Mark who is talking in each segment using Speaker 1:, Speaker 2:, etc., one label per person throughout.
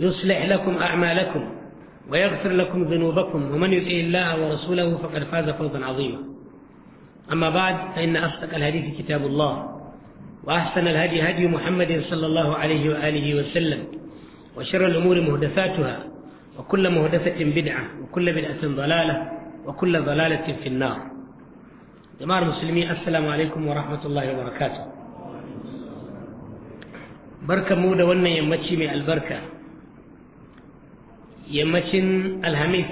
Speaker 1: يصلح لكم أعمالكم ويغفر لكم ذنوبكم ومن يطع الله ورسوله فقد فاز فوزا عظيما أما بعد فإن أصدق الحديث كتاب الله وأحسن الهدي هدي محمد صلى الله عليه وآله وسلم وشر الأمور مهدفاتها وكل مهدفة بدعة وكل بدعة ضلالة وكل ضلالة في النار جماعة المسلمين السلام عليكم ورحمة الله وبركاته بركة مودة ونيمتشي من البركة yammacin alhamis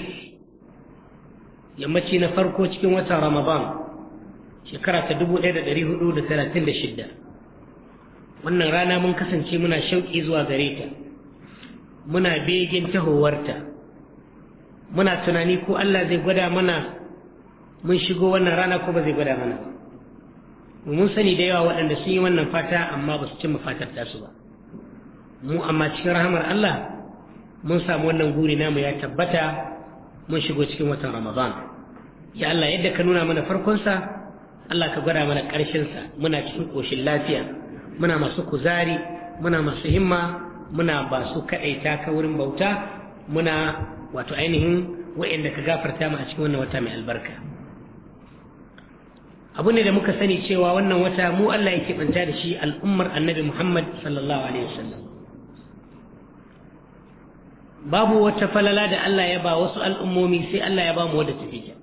Speaker 1: yammaci na farko cikin wata ramadan shekara ta 1436 wannan rana mun kasance muna shauƙi zuwa gare ta muna begin tahowarta muna tunani ko allah zai gwada mana mun shigo wannan rana ko ba zai gwada mana mun sani da yawa waɗanda sun yi wannan fata amma ba su cimma fatar tasu ba mu amma cikin rahamar allah mun samu wannan guri namu ya tabbata mun shigo cikin watan ramadan ya Allah yadda ka nuna mana farkonsa Allah ka gwada mana ƙarshensa muna cikin ƙoshin lafiya muna masu kuzari muna masu himma muna ba su kaɗaita ka wurin bauta muna wato ainihin wa'inda ka gafarta mu a cikin wannan wata mai albarka abu ne da muka sani cewa wannan wata mu Allah ya tsanta da shi al'ummar annabi Muhammad sallallahu alaihi wasallam babu wata falala da Allah ya ba wasu al'ummomi sai Allah ya ba mu wadda tafi ta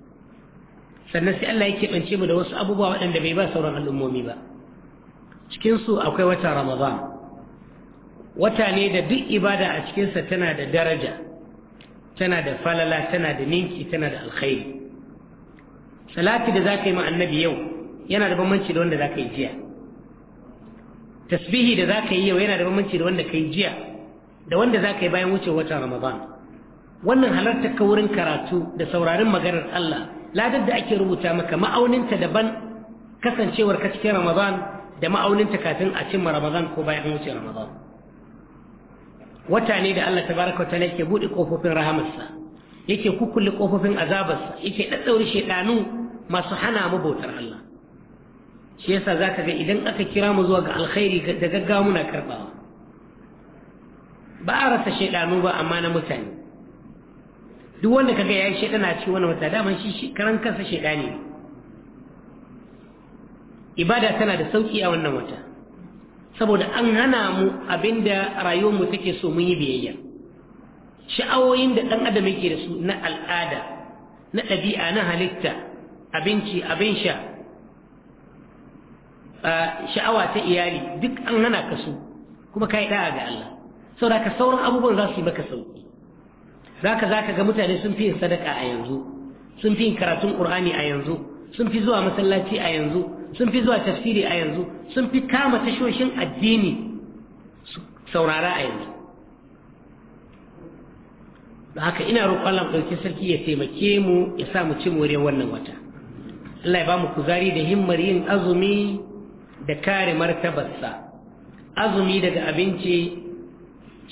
Speaker 1: sannan sai Allah ya keɓance mu da wasu abubuwa waɗanda bai ba sauran al'ummomi ba cikinsu akwai wata ramadan wata ne da duk ibada a cikinsa tana da daraja tana da falala tana da ninki tana da alkhairi salati da za ka yi ma annabi yau yana da bambanci da wanda za ka yi jiya tasbihi da za ka yi yau yana da bambanci da wanda ka yi jiya da wanda za ka yi bayan wuce watan ramadan wannan halarta ka wurin karatu da saurarin maganar Allah ladar da ake rubuta maka ma'auninta daban kasancewar ka cikin ramadan da ma'auninta kafin a cimma ramadan ko bayan wuce ramadan wata ne da Allah tabaraka wa ta'ala yake buɗe kofofin rahamarsa yake kukkulle kofofin azabarsa yake daddaure shedanu masu hana mu bautar Allah shi yasa zaka ga idan aka kira mu zuwa ga alkhairi da gaggawa muna karbawa ba a rasa shaidanu ba amma na mutane duk wanda kaga yayi shaidana ci wani wata daman shi karan kansa shaidani ne ibada tana da sauki a wannan wata saboda an hana mu abinda rayuwar mu take so mun yi biyayya sha'awoyin da dan adam yake da su na al'ada na ɗabi'a na halitta abinci abin sha sha'awa ta iyali duk an hana ka su kuma kai da'a ga Allah saboda ka sauran abubuwan za su yi maka sauki Za ka ga mutane sun fi yin sadaka a yanzu sun fi yin karatun ƙur'ani a yanzu sun fi zuwa masallaci a yanzu sun fi zuwa tafsiri a yanzu sun fi kama tashoshin addini saurara a yanzu da haka ina roƙon Allah ɗauki sarki ya taimake mu ya sa mu ci more wannan wata Allah ya ba mu kuzari da himmar yin azumi da kare martabarsa azumi daga abinci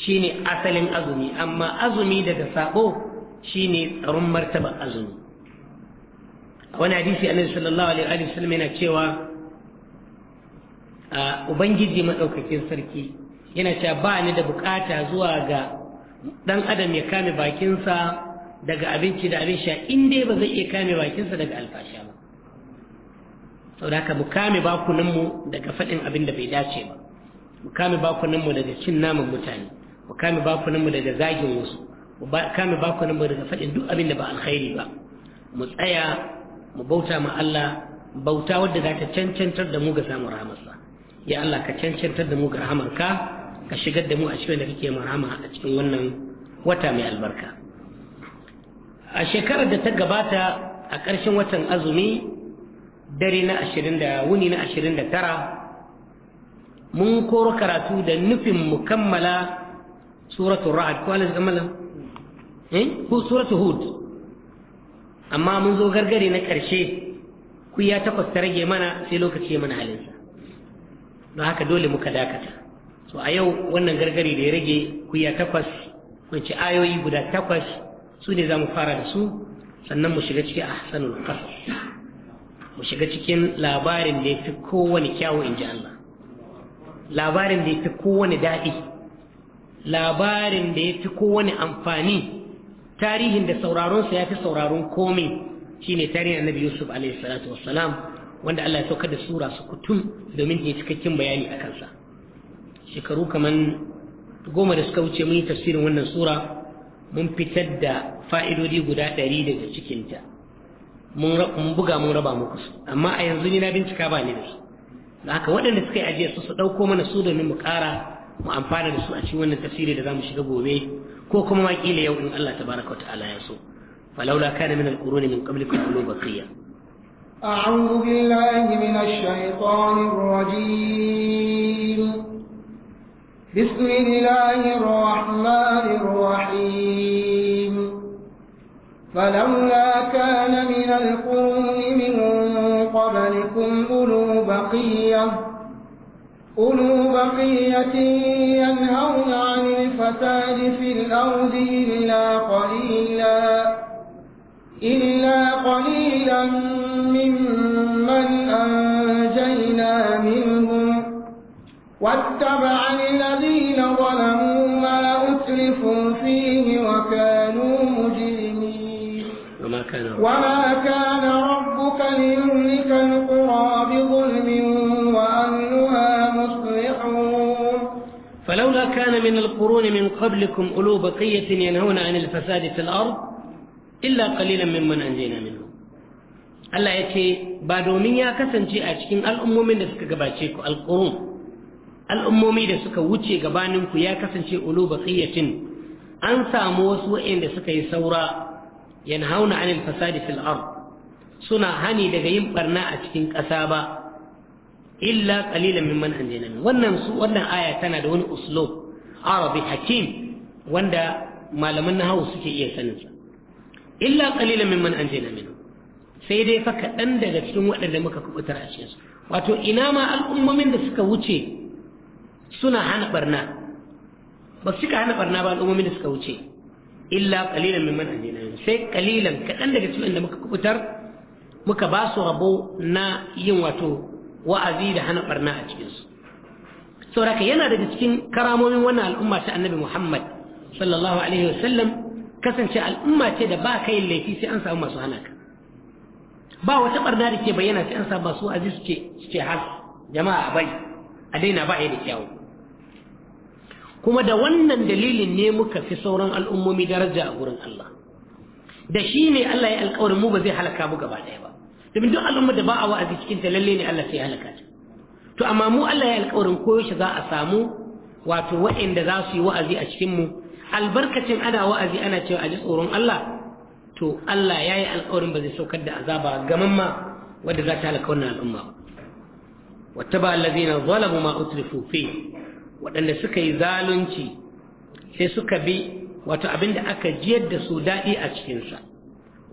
Speaker 1: shine asalin azumi amma azumi daga sabo shine tsaron martaba azumi a wani hadisi annabi sallallahu alaihi wa sallam yana cewa ubangiji madaukakin sarki yana cewa ba ni da bukata zuwa ga dan adam ya kame bakinsa daga abinci da abin sha in dai ba zai iya kame bakinsa daga alfasha ba Da haka mu kame bakunanmu daga faɗin abin da bai dace ba mu kame bakunanmu daga cin naman mutane mu kame mu daga zagin wasu mu kame mu daga faɗin duk abin da ba alkhairi ba mu tsaya mu bauta ma Allah bauta wadda za ta cancantar da mu ga samun rahamarsa ya Allah ka cancantar da mu ga rahamarka ka shigar da mu a cikin da kake rahama a cikin wannan wata mai albarka a shekarar da ta gabata a ƙarshen watan azumi dare na ashirin da wuni na ashirin da tara mun koro karatu da nufin mukammala kammala suratu ra'ad ko Allah ya eh ko suratu hud amma mun zo gargare na ƙarshe ku ya takwas ta rage mana sai lokaci ya mana halinsa don haka dole muka dakata so a yau wannan gargare da ya rage ku ya takwas ci ayoyi guda takwas su ne za mu fara da su sannan mu shiga cikin ahsanul qasas mu shiga cikin labarin da ya fi kowane kyawu in ji Allah labarin da ya fi kowane daɗi labarin da ya fi kowane amfani tarihin da sauraronsa ya fi sauraron komai ne tarihin annabi yusuf alaihi wassalam wanda Allah ya sauka da sura su kutum domin ya cikakken bayani a kansa shekaru kamar goma da suka wuce mun yi tafsirin wannan sura mun fitar da fa'idodi guda ɗari daga cikinta mun buga mun raba muku su amma a yanzu ni na bincika ba ni da su haka waɗanda suka yi ajiyar su su ɗauko mana su domin mu ƙara mu amfana da su a cikin wannan tafsiri da zamu shiga gobe ko kuma ma kila yau in Allah tabaraka wa ta'ala ya so falaula kana min al-quruni min qablikum ulu baqiya
Speaker 2: أعوذ بالله من الشيطان الرجيم بسم الله الرحمن الرحيم فلولا كان من القرون من قبلكم أولو بقيه أولو بقية ينهون عن الفساد في الأرض إلا قليلا إلا قليلا ممن أنجينا منهم واتبع الذين ظلموا ما أتلفوا فيه وكانوا مجرمين وما كان ربك ليهلك القرى بظلم
Speaker 1: فلولا كان من القرون من قبلكم أولو بقية ينهون عن الفساد في الأرض إلا قليلا ممن أنجينا منه Allah ya ce ba domin ya kasance a cikin al'ummomin da suka gabace ku alƙurun al'ummomi da suka wuce gabaninku ya kasance ulu baqiyatin an samu wasu waɗanda suka yi saura yanhauna anil fasadi fil suna hani daga yin ɓarna a cikin ƙasa ba illa qalilan min anjayna min wannan su wannan aya tana da wani uslub arabi hakim wanda malaman nahawu suke iya sanin sa illa qalilan mimman anjayna min sai dai fa kaɗan daga cikin waɗanda muka kubutar a cikin wato ina ma al'ummomin da suka wuce suna hana barna ba su cika hana barna ba al'ummomin da suka wuce illa qalilan mimman anjayna min sai qalilan kaɗan daga cikin da muka kubutar muka ba su rabo na yin wato wa'azi da hana barna a cikinsu sauraka yana daga cikin karamomin wannan al'umma ta annabi muhammad sallallahu alaihi wasallam kasance al'umma ce da ba kai laifi sai an samu masu hana ka ba wata barna da ke bayyana sai an samu masu wa'azi suke ce har jama'a a bai a daina ba ya da kyawu kuma da wannan dalilin ne muka fi sauran al'ummomi daraja a gurin Allah da shi ne Allah ya alkawarin mu ba zai halaka mu gaba ɗaya ba domin duk al'umma da ba a wa'azi cikin ta lalle ne Allah sai halaka ta to amma mu Allah ya alƙawarin koyaushe za a samu wato wa'inda za su yi wa'azi a cikin mu albarkacin ana wa'azi ana cewa a ji tsoron Allah to Allah ya yi alƙawarin ba zai saukar da azaba ga ma wadda za ta halaka wannan al'umma ba wattaba allazina zalamu ma utrifu fi waɗanda suka yi zalunci sai suka bi wato abinda aka jiyar da su daɗi a cikinsa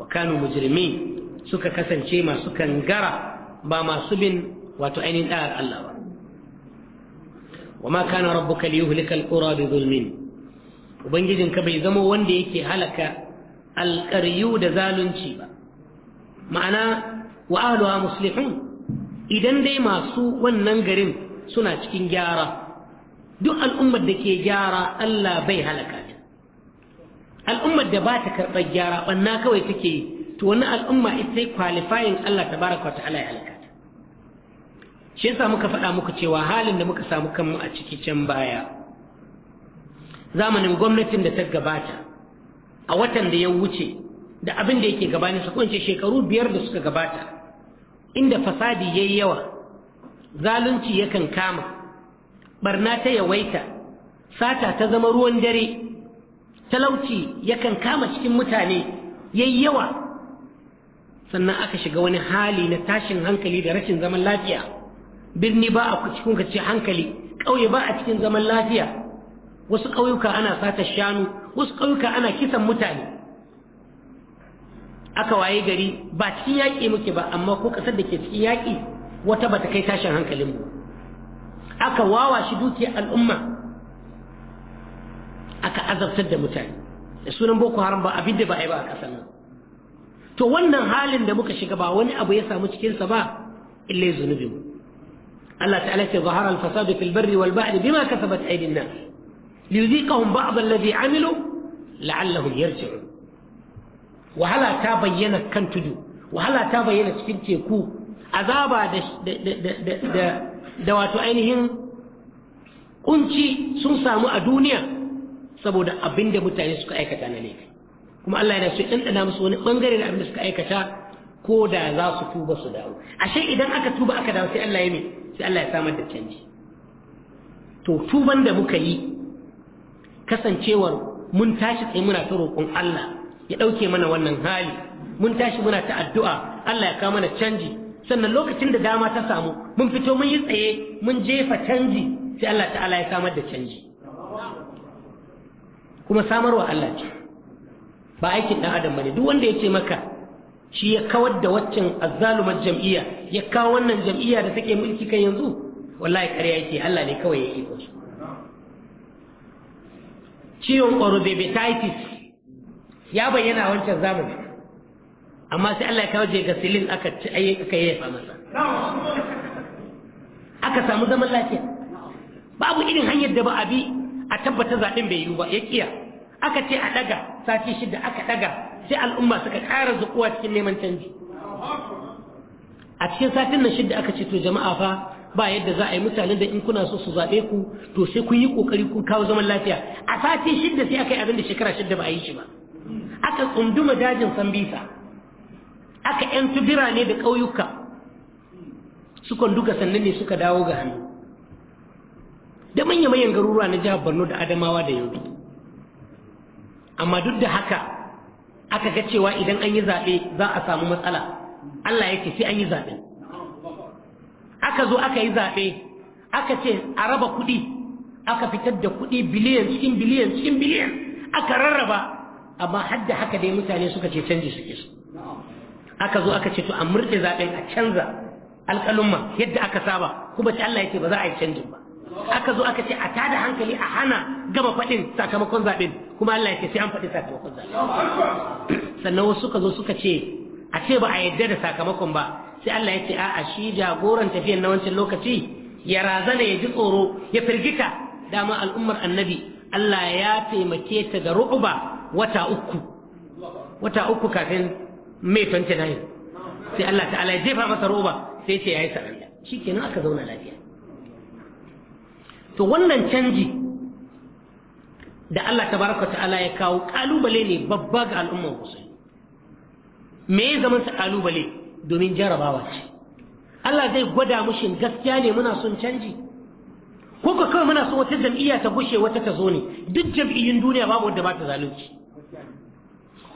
Speaker 1: wa kanu mujrimin suka kasance masu kangara ba masu bin wato ainihin ɗayar Allah ba wa ma kana rabbuka liyuhlika alqura bi zulmin ubangijinka bai zama wanda yake halaka alƙaryu da zalunci ba ma'ana wa ahluwa muslihun idan dai masu wannan garin suna cikin gyara duk al'ummar da ke gyara Allah bai halaka ta al'ummar da ba ta karɓar gyara ɓanna kawai take to wannan al'umma ita qualifying Allah tabaraka wa ta'ala ya halaka shi yasa muka faɗa muku cewa halin da muka samu kanmu a ciki can baya zamanin gwamnatin da ta gabata a watan da ya wuce da abin da yake gabani su kunce shekaru biyar da suka gabata inda fasadi ya yi yawa zalunci yakan kama barna ta yawaita sata ta zama ruwan dare talauci yakan kama cikin mutane ya yi yawa sannan aka shiga wani hali na tashin hankali da rashin zaman lafiya birni ba a cikin kace hankali ƙauye ba a cikin zaman lafiya wasu ƙauyuka ana sata shanu wasu ƙauyuka ana kisan mutane aka waye gari ba cikin yaƙi muke ba amma ko ƙasar da ke cikin yaƙi wata bata kai tashin hankalin mu aka wawa shi dukiyar al'umma aka azabtar da mutane da sunan boko haram ba abin da ba a yi ba a ƙasar nan to wannan halin da muka shiga ba wani abu ya samu cikinsa ba illa mu. Allah ta'ala ce zahara al-fasad fil barri wal bahri bima kasabat aydin nas liyuziqahum ba'd alladhi amilu la'allahum yarji'un wahala ta bayyana kan tudu wahala ta bayyana cikin teku azaba da da da wato ainihin kunci sun samu a duniya saboda abinda mutane suka aikata na laifi kuma Allah yana so ya ɗanɗana musu wani ɓangare da abin da suka aikata ko da za su tuba su dawo ashe idan aka tuba aka dawo sai Allah ya sai Allah ya samar da canji to tuban da muka yi kasancewar mun tashi tsaye muna ta roƙon Allah ya ɗauke mana wannan hali mun tashi muna ta addu'a Allah ya kawo mana canji sannan lokacin da dama ta samu mun fito mun yi tsaye mun jefa canji sai Allah ta'ala ya samar da canji kuma samarwa Allah ce ba aikin ɗan adam ne duk wanda ya ce maka shi ya kawar da waccan azzalumar jam'iyya ya kawo wannan jam'iyya da take mulki kan yanzu wallahi ƙarya yake Allah ne kawai ya iko su ciwon orobebetitis ya bayyana wancan zamani amma sai Allah ya kawo silin aka ci aka yafa masa aka samu zaman lafiya babu irin hanyar da ba a bi a tabbata zaɓen bai yiwu ba ya kiya aka ce a daga sati shida aka daga sai al'umma suka kara zukuwa cikin neman canji a cikin satin na shida aka ce to jama'a fa ba yadda za a yi mutane da in kuna so su zaɓe ku to sai ku yi ƙoƙari ku kawo zaman lafiya a sati shida sai aka yi abin da shekara shida ba a yi shi ba aka tsunduma dajin sambisa aka yantu birane da ƙauyuka suka duka sannan ne suka dawo ga hannu da manya-manyan garuruwa na jihar borno da adamawa da yobe amma duk da haka aka ga cewa idan an yi zaɓe za a samu matsala Allah ya ce sai an yi zaɓe aka zo aka yi zaɓe aka ce a raba kuɗi aka fitar da kuɗi biliyan cikin biliyan cikin biliyan aka rarraba amma har haka dai mutane suka ce canji suke su aka zo aka ce to a murɗe zaɓen a canza alƙalumma yadda aka saba kuma ce Allah ya ce ba za a yi canjin ba aka zo aka ce a tada hankali a hana gaba faɗin sakamakon zaɓen kuma Allah ya ce sai an faɗi sakamakon zaɓen sannan wasu suka zo suka ce a ce ba a yarda da sakamakon ba sai Allah ya ce a'a shi jagoran tafiyan na wancan lokaci ya razana ya ji tsoro ya firgita dama al'ummar annabi Allah ya taimake ta da ru'uba wata uku wata uku kafin mai 29 sai Allah ta'ala ya jefa masa ru'uba sai ce yayi Shi shikenan aka zauna lafiya to wannan canji da Allah tabaraka ta'ala ya kawo kalubale ne babba ga al'ummar musulmi me ya zama sa kalubale domin jarabawa ce Allah zai gwada mushin gaskiya ne muna son canji ko ka kawai muna son wata jam'iyya ta gushe wata ta zo ne duk jam'iyyun duniya babu wanda ba ta zalunci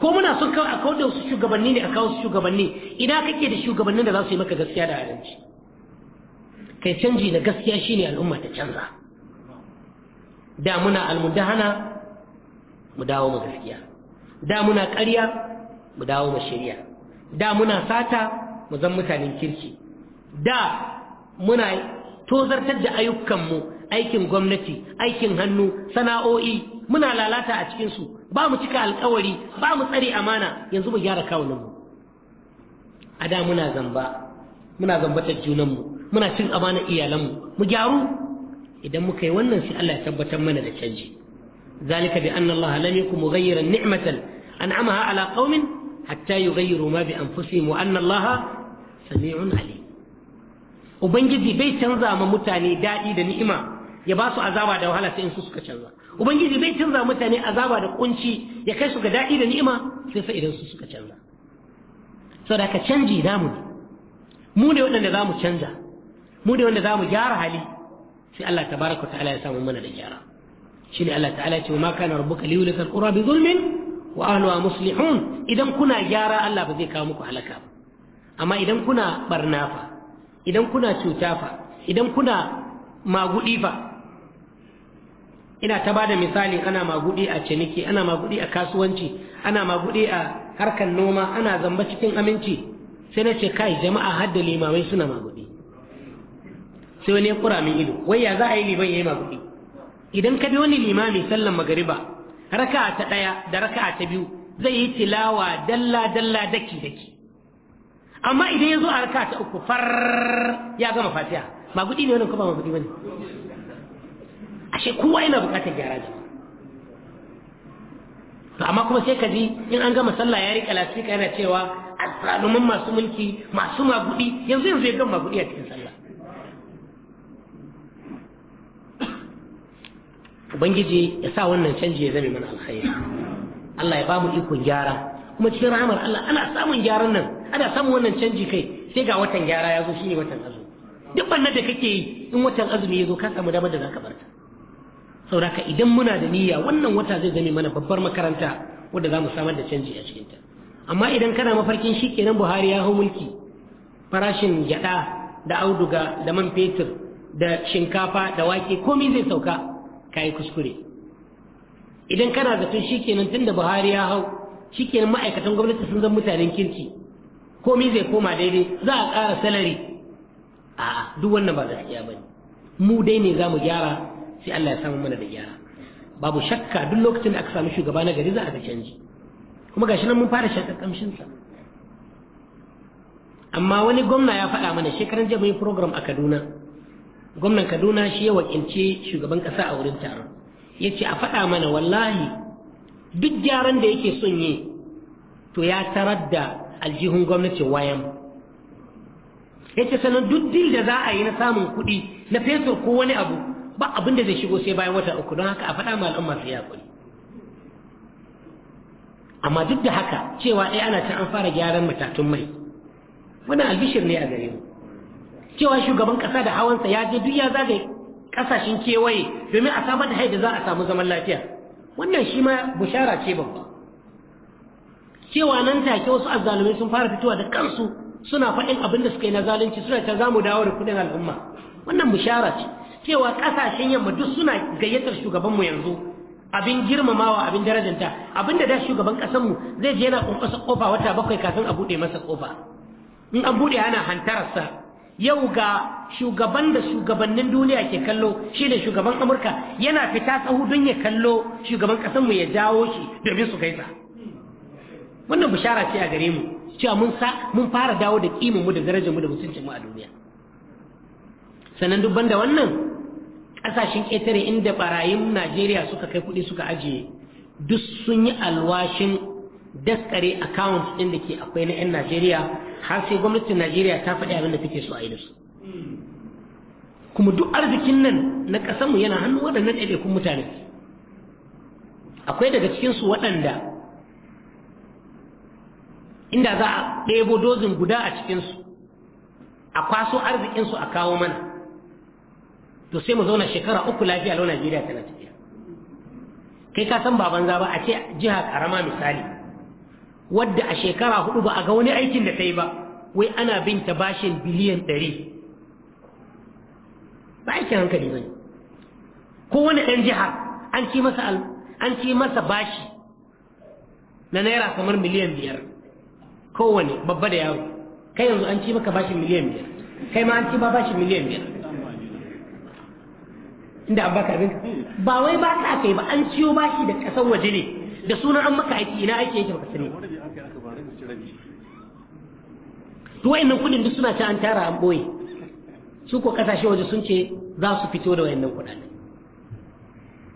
Speaker 1: ko muna son kawai a kawo da wasu shugabanni ne a kawo su shugabanni ina kake da shugabannin da za su yi maka gaskiya da adalci kai canji da gaskiya shine al'umma ta canza da muna almudahana mu dawo mu gaskiya da muna ƙarya mu dawo mu shirya da muna sata mu zan mutanen kirki da muna tozartar da ayyukanmu aikin gwamnati aikin hannu sana'o'i muna lalata a cikinsu ba mu cika alkawari ba mu tsare amana yanzu mu gyara kawunanmu a da muna zamba muna zambatar junanmu muna cin amanar iyalanmu mu gyaru idan muka yi wannan sai Allah ya tabbatar mana da canji zalika bi anna Allah lam yakun mughayyiran ni'matan an'amaha ala qaumin hatta yughayyiru ma bi anfusihim wa anna Allah sami'un alim ubangiji bai canza ma mutane daɗi da ni'ima ya ba su azaba da wahala sai in su suka canza ubangiji bai canza mutane azaba da kunci ya kai su ga daɗi da ni'ima sai sai idan su suka canza saboda ka canji namu ne mu ne waɗanda za mu canza mu ne wanda za mu gyara hali sai Allah tabaraka ta'ala ya samu mana da gyara shine Allah ta'ala ya ce ma kana rabbuka lakal qura bi zulmin wa ahluha muslihun idan kuna gyara Allah ba zai kawo muku halaka ba amma idan kuna barna fa idan kuna cuta fa idan kuna magudi fa ina ta bada misali ana magudi a ciniki ana magudi a kasuwanci ana magudi a harkar noma ana zamba cikin aminci sai na ce kai jama'a hadda limamai suna magudi sai wani ya kura min ido wai ya za a yi liman ya yi maguɗi idan ka bi wani limami sallan magariba raka ta ɗaya da raka ta biyu zai yi tilawa dalla dalla daki daki amma idan ya zo a raka ta uku far ya gama fatiha maguɗi ne wani kuma maguɗi wani ashe kowa yana buƙatar gyara ji amma kuma sai ka ji in an gama sallah ya riƙa lafiya yana cewa azzaluman masu mulki masu maguɗi yanzu yanzu ya gama maguɗi a cikin sallah ubangiji ya sa wannan canji ya zame mana alkhairi Allah ya ba mu ikon gyara kuma cikin rahamar Allah ana samun gyaran nan ana samun wannan canji kai sai ga watan gyara ya zo shine watan azumi duk wannan da kake yi in watan azumi ya zo ka samu damar da zaka barta saboda idan muna da niyya wannan wata zai zame mana babbar makaranta wadda za mu samar da canji a cikin ta. amma idan kana mafarkin shi kenan buhari ya hau mulki farashin gyaɗa, da auduga da man fetur da shinkafa da wake komai zai sauka kayi kuskure idan kana zaton shikenan da buhari ya hau shikenan ma'aikatan gwamnati sun zan mutanen kirki komai zai koma daidai za a ƙara salari a duk wannan ba gaskiya ba mu dai ne za mu gyara sai Allah ya samu mana da gyara babu shakka duk lokacin da aka samu shugaba na gari za a ga canji kuma gashi nan mun fara shakar kamshinsa amma wani gwamna ya faɗa mana shekaran jami'in program a kaduna gwamnan kaduna shi ya wakilce shugaban kasa a wurin taron ya ce a faɗa mana wallahi duk gyaran da yake son yi to ya tarar da aljihun gwamnati wayan ya ce sannan duk dil da za a yi na samun kuɗi na feso ko wani abu ba abin da zai shigo sai bayan wata uku don haka a faɗa ma al'umma su ya kuɗi amma duk da haka cewa ɗaya ana ta an fara gyaran matatun mai wannan albishir ne a gare mu cewa shugaban ƙasa da hawansa ya je duk ya zagaye ƙasashen kewaye domin a samar da haida za a samu zaman lafiya wannan shi ma bushara ce babba cewa nan take wasu azzalumai sun fara fitowa da kansu suna faɗin abin da suka yi na zalunci suna ta zamu dawo da kuɗin al'umma wannan bushara ce cewa ƙasashen yamma duk suna gayyatar shugabanmu yanzu abin girmamawa abin darajanta abin da da shugaban ƙasanmu zai je yana kunkusa kofa wata bakwai kafin a buɗe masa kofa in an buɗe ana hantararsa yau ga shugaban da shugabannin duniya ke kallo shi ne shugaban amurka yana fita tsaho don ya kallo shugaban kasanmu ya jawo shi domin su kaisa wannan bishara ce a gare mu cewa mun sa mun fara dawo da kimin mu da darajar mu da mutuncin mu a duniya sannan duk banda wannan ƙasashen ƙetare inda barayin najeriya suka kai kuɗi suka ajiye duk sun yi alwashin daskare account ɗin da ke akwai na 'yan najeriya har sai gwamnatin Najeriya ta faɗi abin da take so a yi da su kuma duk arzikin nan na mu yana hannu waɗannan ɗaiɗaikun mutane akwai daga cikinsu waɗanda inda za a ɗebo dozin guda a cikinsu a kwaso arzikinsu a kawo mana to sai mu zauna shekara uku lafiya lau Najeriya tana tafiya kai ka san baban za ba a ce jiha karama misali wadda a shekara hudu ba a ga wani aikin da ta yi ba wai ana binta bashin biliyan ɗari ba aikin hankali ba ko wani ɗan jihar an ci masa an ci masa bashi na naira kamar miliyan biyar kowane babba da yawo kai yanzu an ci maka bashin miliyan biyar kai ma an ci ba bashin miliyan biyar inda an baka abin ba wai ba ka kai ba an ciyo bashi da kasan waje ne da sunan an maka aiki ina aiki yake baka sani to wayannan kudin duk suna ta an tara an boye su ko kasashe waje sun ce za su fito da wayannan kudaden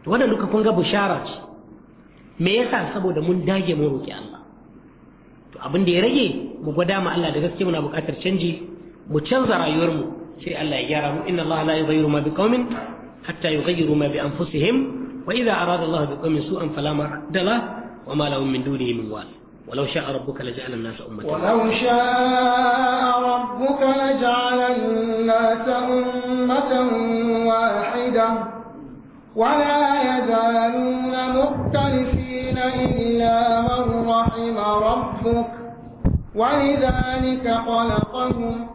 Speaker 1: to wannan duka kun ga bushara ce me yasa saboda mun dage mun roki Allah to abin da ya rage mu gwada ma Allah da gaske muna buƙatar canji mu canza rayuwarmu sai Allah ya gyara mu inna Allah la yughayyiru ma biqaumin hatta yughayyiru ma bi anfusihim وإذا أراد الله بقوم سوءا فلا مرد له وما لهم من دونه من وال ولو شاء ربك لجعل الناس أمة ولو شاء ربك
Speaker 2: لجعل الناس أمة واحدة ولا يزالون مختلفين إلا من رحم ربك ولذلك خلقهم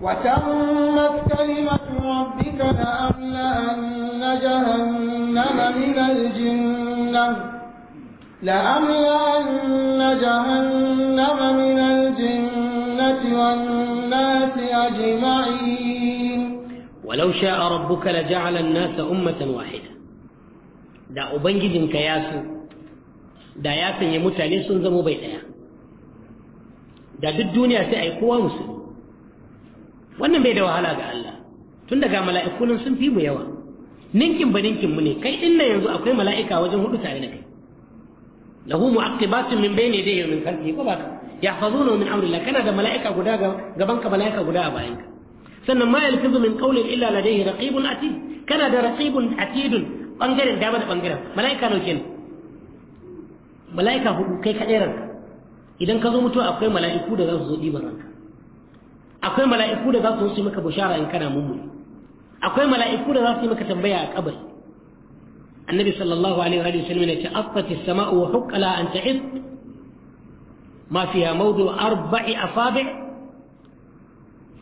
Speaker 2: وتمت كلمة ربك لأملأن جهنم من الجنة لأملأن جهنم من الجنة والناس أجمعين
Speaker 1: ولو شاء ربك لجعل الناس أمة واحدة دا أبنجد كياسو دا ياسن يموت عليه سنزم بيتها دا دي الدنيا da duk wannan bai da wahala ga Allah tun daga mala'iku nan sun fi mu yawa ninkin ba ninkin mu ne kai din nan yanzu akwai mala'ika wajen hudu tare da kai lahu mu'aqibatun min bayni yadayhi min khalfihi ko baka yahfazunahu min amrillah kana da mala'ika guda gaban ka mala'ika guda a bayan ka sannan ma yalfizu min qawlin illa ladayhi raqibun atid kana da raqibun atidun bangaren dama da bangaren mala'ika nau ne mala'ika hudu kai ka ranka idan ka zo mutuwa akwai mala'iku da za su zo ɗiban ranka akwai mala'iku da za su wuce maka bushara in kana mummuni akwai mala'iku da za su yi maka tambaya a kabari annabi sallallahu alaihi wa sallam ne ta afati sama'u wa huqqala an ta'id ma fiha mawdu arba'i asabi'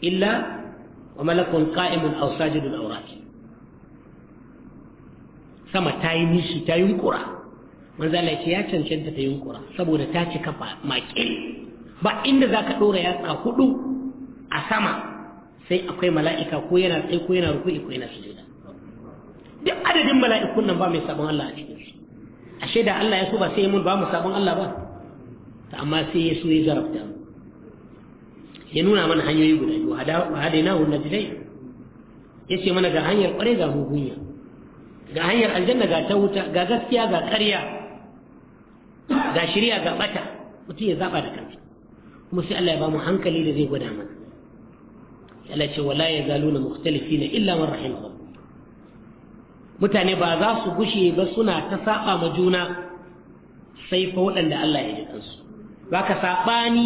Speaker 1: illa wa malakun qa'imun aw sajidun aw sama ta yi nishi ta yunkura manzo Allah ya cancanta ta yunkura saboda ta cika maƙil ba inda za ka ɗora yatsa hudu a sama sai akwai mala'ika ko yana tsaye ko yana ruku'i ko yana sujuda duk adadin mala'ikun nan ba mai sabon Allah a cikin su ashe da Allah ya so ba sai mun ba mu sabon Allah ba ta amma sai ya so ya zarafta ya nuna mana hanyoyi guda biyu hadaina wal Ya ce mana ga hanyar kwarai ga hukunya ga hanyar aljanna ga ta wuta ga gaskiya ga ƙarya ga shirya ga bata mutum ya zaba da kansa kuma sai Allah ya ba mu hankali da zai gwada mana Yana ce wala ya zalo na mukhtalifina illa man rahimahum mutane ba za su gushe ba suna ta saba ma juna sai fa waɗanda Allah ya ji kansu ba ka saɓani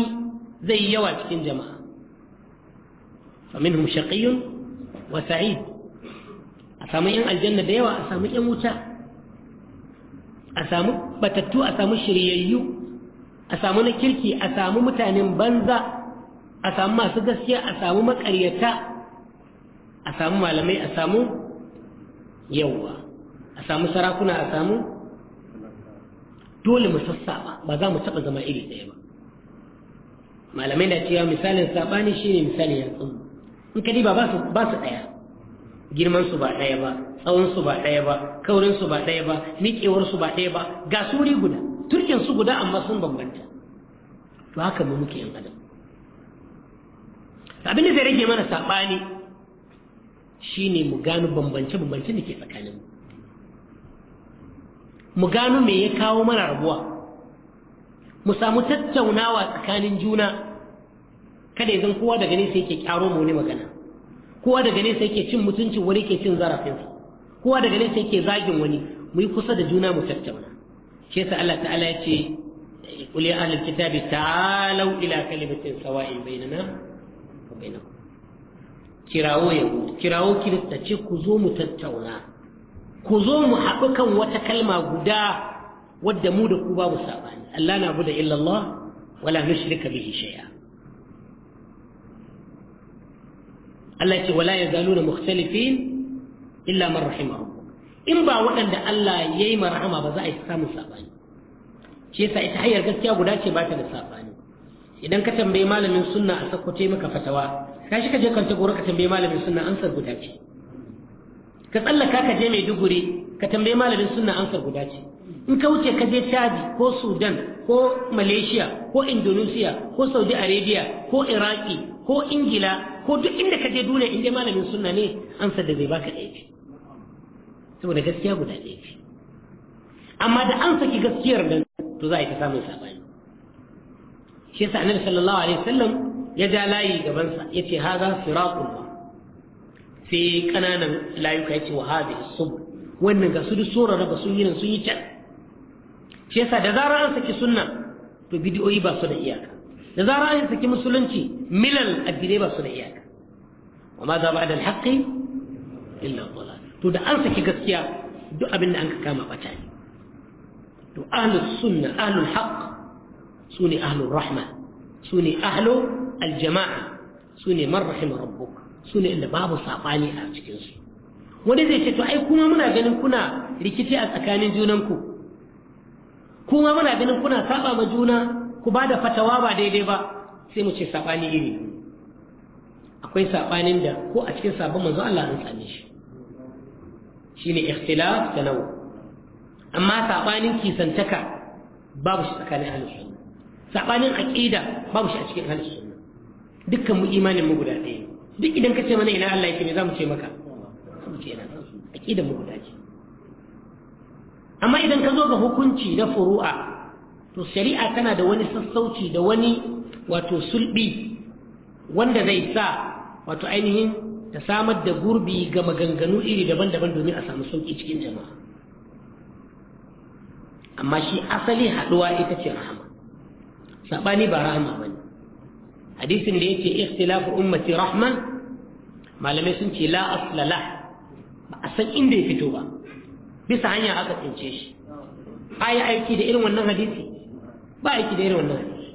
Speaker 1: zai yawa cikin jama'a faminhum shaqiyyun wa sa'id a samu yan aljanna da yawa a samu yan wuta a samu batattu a samu shiryayyu a samu na kirki a samu mutanen banza a samu masu gaskiya a samu makaryata a samu malamai a samu yawwa a samu sarakuna a samu dole mu sassaba ba za mu taɓa zama iri ɗaya ba malamai na cewa misalin saɓani ne misalin yatsun in ka ba ba su ɗaya girmansu ba ɗaya ba su ba ɗaya ba kaurinsu ba ɗaya ba miƙewarsu ba ɗaya ba ga suri guda turkinsu guda amma sun bambanta to haka mu muke yin adam abin da zai rage mana saɓani shi ne mu gano bambance-bambancen da ke tsakanin mu gano me ya kawo mana rabuwa mu samu tattaunawa tsakanin juna kada ya zan kowa daga nesa yake kyaro mu ne magana kowa daga nesa yake cin mutuncin wani ke cin su kowa daga nesa yake zagin wani mu yi kusa da juna mu tattauna shi yasa Allah ta'ala ya ce kuli ta ahlul kitabi ta'alu ila kalimatin sawa'in bainana bainahu kirawo yahudu kirawo kirista ce ku zo mu tattauna
Speaker 3: ku zo mu haɗu kan wata kalma
Speaker 1: guda wadda mu da ku babu saɓani Allah na bude illallah wala nushrika bihi shay'a Allah ya ce wala yazaluna mukhtalifin illa man rahimahu in ba waɗanda Allah yayi marhama ba za a yi samun saɓani shi yasa ita hanyar gaskiya guda ce ba ta da saɓani idan ka tambayi malamin sunna a sakkwace maka fatawa ka shi ka je kwanta gora ka tambayi malamin sunna ansar guda ce ka tsallaka ka je mai duguri ka tambayi malamin sunna ansar guda ce in ka wuce ka je chadi ko sudan ko malaysia ko indonesia ko saudi arabia ko iraki ko ingila ko duk inda ka je duniya in dai malamin sunna ne amsar da zai baka ɗaya ce saboda gaskiya guda ɗaya ce amma da an saki gaskiyar nan to za a yi ta samun saɓani shi yasa annabi sallallahu alaihi wasallam ya ja layi gaban sa yace haza siratullah sai kananan layuka yace wa hadi sub wannan ga su duk sora raba sun yi nan sun yi can shi yasa da zarar an saki sunna to bidiyoyi ba su da iyaka da zarar an saki musulunci milal addinai ba su da iyaka wa ma za ba da alhaƙi illa wala to da an saki gaskiya duk abin da an ka kama bata ne to ahlus sunna ahlul haqq su ne ahlul rahma su ne ahlu aljama'a su ne man rahima rabbuk su ne inda babu saɓani a cikinsu wani zai ce to ai kuma muna ganin kuna rikici a tsakanin junanku kuma muna ganin kuna saba ma juna ku ba da fatawa ba daidai ba sai mu ce saɓani iri akwai saɓanin da ko a cikin sabon manzo Allah an same shi shine ikhtilaf tanawu amma saɓanin kisantaka babu shi tsakanin ahlus sabanin aqida babu shi a cikin ahlus sunna dukkan mu imanin mu guda ɗaya duk idan ka ce mana ina Allah yake me zamu ce maka mu ce ina aqida mu guda ce amma idan ka zo ga hukunci na furu'a to shari'a tana da wani sassauci da wani wato sulbi wanda zai sa wato ainihin ta samar da gurbi ga maganganu iri daban-daban domin a samu sauki cikin jama'a amma shi asali haɗuwa ita ce rahama Saɓani ba rahama bane hadisin da yake ikhtilafu ummati rahma malamai sun ce la asla la ba a san inda ya fito ba bisa hanya aka tsince shi ai aiki da irin wannan hadisi ba aiki da irin wannan hadisi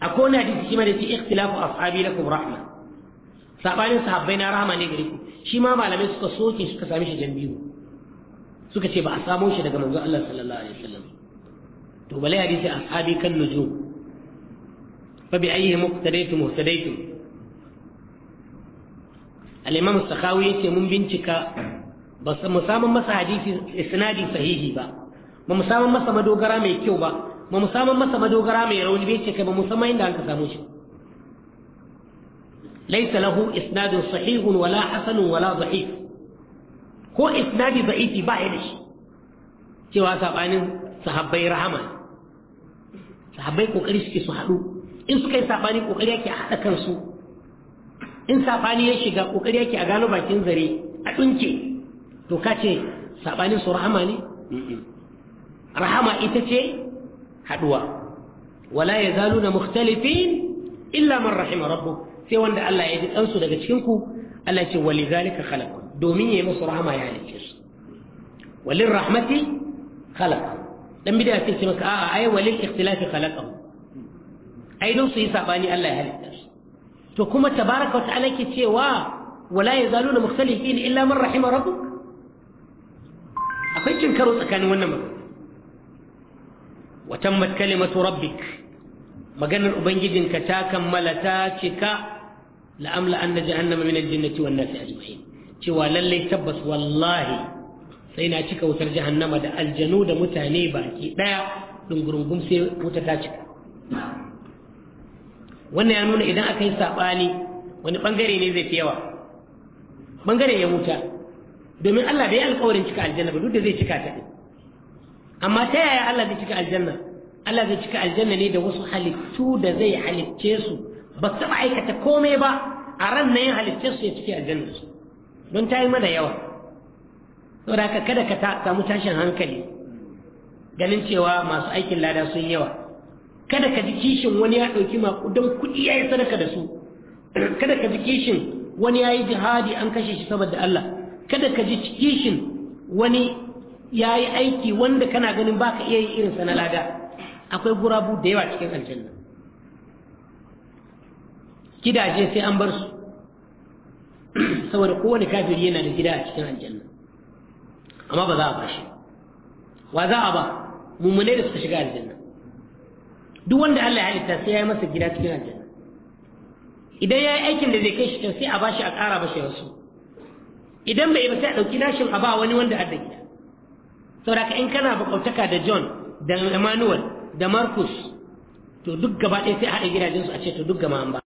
Speaker 1: akwai wani hadisi shi ma da ce ikhtilafu ashabi lakum rahma sabanin sahabbai na rahama ne gare ku shi ma malamai suka soke suka sami shi jan biyu suka ce ba a samo shi daga manzon Allah sallallahu alaihi wasallam to balai hadisi ashabi kan nujum fa bi ayyihi muqtadaytum muhtadaytum al-imam as-sakhawi mun bincika ba mu samu masa hadisi isnadi sahihi ba mu samu masa madogara mai kyau ba ba mu samu masa madogara mai rauni bai ce kai ba mu san inda aka samu shi laysa lahu isnadun sahihun wala hasanun wala ko ba ya cewa sabanin kokari suke su haɗu in suka yi sabani kokari yake haɗa kansu in sabani ya shiga kokari yake a gano bakin zare a ɗunke, to ka ce sabanin su rahama ne rahama ita ce haɗuwa wala ya zalu na mukhtalifin illa man rahima rabbu sai wanda Allah ya ji ɗansu daga cikin ku Allah ce wali zalika khalaqa domin yayi musu rahama ya halicce su walin rahmati khalaqa dan bid'a sai ce maka a'a ai walil ikhtilafi khalaqa ai don su yi sabani Allah ya halitta su to kuma tabaraka wa ta'ala ke cewa wala yazaluna mukhtalifin illa man rahima rabbuk akwai cin karo tsakanin wannan magana wa tammat kalimatu rabbik maganar ubangijinka ta kammala ta cika la'amla anna jahannama min al-jannati wan nasi ajma'in cewa lallai tabbas wallahi sai na cika wutar jahannama da aljanu da mutane baki daya dungurungum sai wuta ta cika wannan ya nuna idan aka yi saɓani wani ɓangare ne zai fi yawa ɓangare ya wuta domin Allah bai alƙawarin cika aljanna ba duk da zai cika ta amma ta yaya Allah zai cika aljanna Allah zai cika aljanna ne da wasu halittu da zai halicce su ba su taɓa aikata komai ba a ran na yin halicce su ya cike aljanna su don ta yi mana yawa saboda haka kada ka samu tashin hankali ganin cewa masu aikin lada sun yawa kada ka ji kishin wani ya ɗauki maƙudan kuɗi ya yi sadaka da su kada ka ji kishin wani ya yi jihadi an kashe shi saboda Allah kada ka ji kishin wani ya yi aiki wanda kana ganin baka iya yi irinsa na lada akwai gurabu da yawa cikin aljanna
Speaker 3: gidaje sai an bar su
Speaker 1: saboda kowane kafiri yana da gida a cikin aljanna amma ba za a shi. wa za a ba mummunai da suka shiga aljanna duk wanda Allah ya halitta sai ya yi masa gida cikin aljanna idan ya yi aikin da zai kai shi sai a bashi a ƙara bashi wasu idan bai ba sai a ɗauki nashin a ba wani wanda adda gida saboda in kana bakautaka da John da Emmanuel da Marcus to duk gaba ɗaya sai a haɗa su a ce to duk gama an ba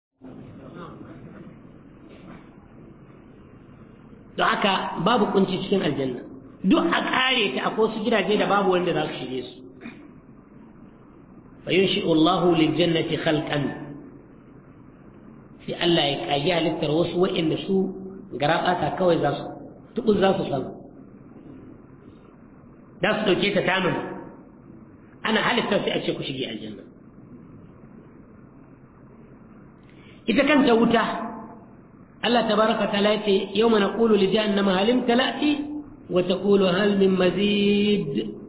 Speaker 1: don haka babu kunci cikin aljanna duk a ƙare ta akwai su gidaje da babu wanda za su shige su فينشئ الله للجنة خلقا في ألا يكأيها للتروس وإن شو قراءاتها كوي زاسو تقول زاسو صلو داسو كي أنا هل التوسيق أشيك شقي الجنة إذا كنت أوتا الله تبارك وتعالى يوم نقول لجهنم هل امتلأت وتقول هل من مزيد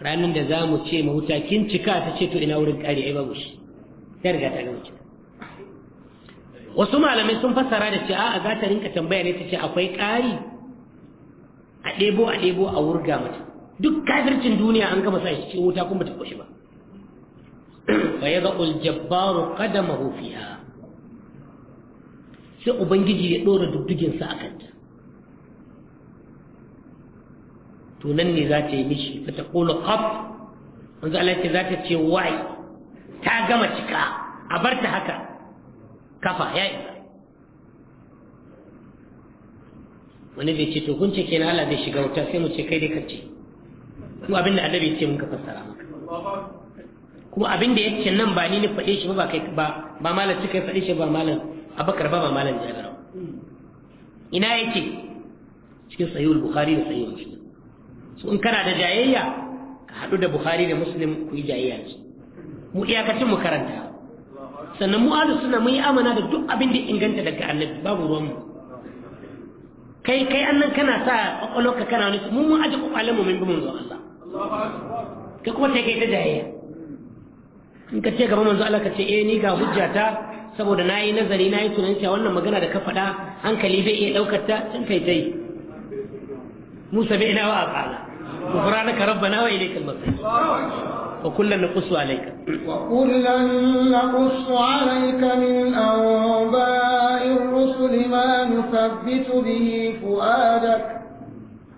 Speaker 1: ranar da za mu ce mahuta kin cika ta ce to ina wurin kare ai babu shi ta riga ta gama wasu malamai sun fassara da ce a'a za ta rinka tambaya ne ta ce akwai ƙari a ɗebo a ɗebo a wurga mata duk kafircin duniya an gama sa shi cikin wuta kuma ta koshi ba fa ya ga uljabbaru qadamahu fiha sai ubangiji ya ɗora dudduginsa a kanta to nan ne za ta yi mishi ba ta qulu ƙaf wanzu Allah ce za ta ce wai ta gama cika a bar ta haka kafa ya yi. wani bai ce to kun ce kenan Allah zai shiga wuta sai mu ce kai dai ka ce Kuma abin da adabi ya ce muka fassara maka kuma abin da yake nan ba ni ne faɗe shi ba kai ba ba malam cika ya faɗe shi ba malam abakar ba ba malam jabir ina yake cikin sahihul bukhari da sahihul muslim su in kana da jayayya ka haɗu da Buhari da muslim ku yi jayayya ce mu iyakacin mu karanta
Speaker 3: sannan mu alu suna mun yi
Speaker 1: amana da duk abin da inganta daga annabi babu ruwan mu kai kai annan kana sa kwakwalwarka kana wani mun mun aji kwakwalen mu min bi manzo Allah ka kuma ta kai ta jayayya in ka ce gaba manzo Allah ka ce eh ni ga hujjata saboda na yi nazari na yi tunanci wannan magana da ka faɗa hankali bai iya ɗaukar ta can kai ta yi موسى sami'na واطعنا غفرانك ربنا وإليك المصير وكلا نقص عليك
Speaker 2: وكلا نقص
Speaker 1: عليك
Speaker 2: من أنباء الرسل ما نثبت به فؤادك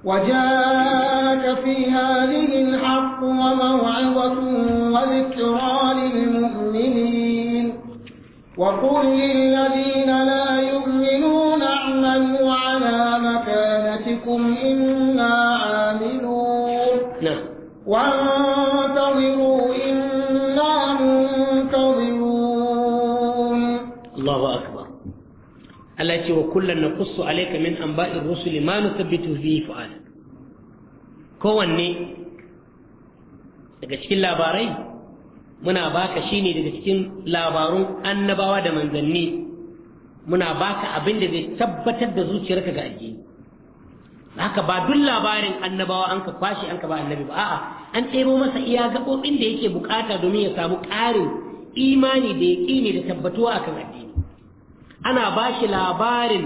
Speaker 2: وجاءك في هذه الحق وموعظة وذكرى للمؤمنين وقل للذين لا يؤمنون اعملوا على مكان بكم إنا عاملون نعم وانتظروا إنا منتظرون
Speaker 1: الله أكبر التي وكلا نقص عليك من أنباء الرسل ما نثبت فيه فؤادك kowanne daga cikin labarai muna baka shine daga cikin labarun annabawa da manzanni muna baka abin da zai tabbatar da zuciyarka ga addini haka ba duk labarin annabawa an ka kwashe an ka ba annabi ba a'a an tsebo masa iya gaɓoɓin da yake bukata domin ya samu ƙarin imani da yaƙini da tabbatuwa akan addini ana ba shi labarin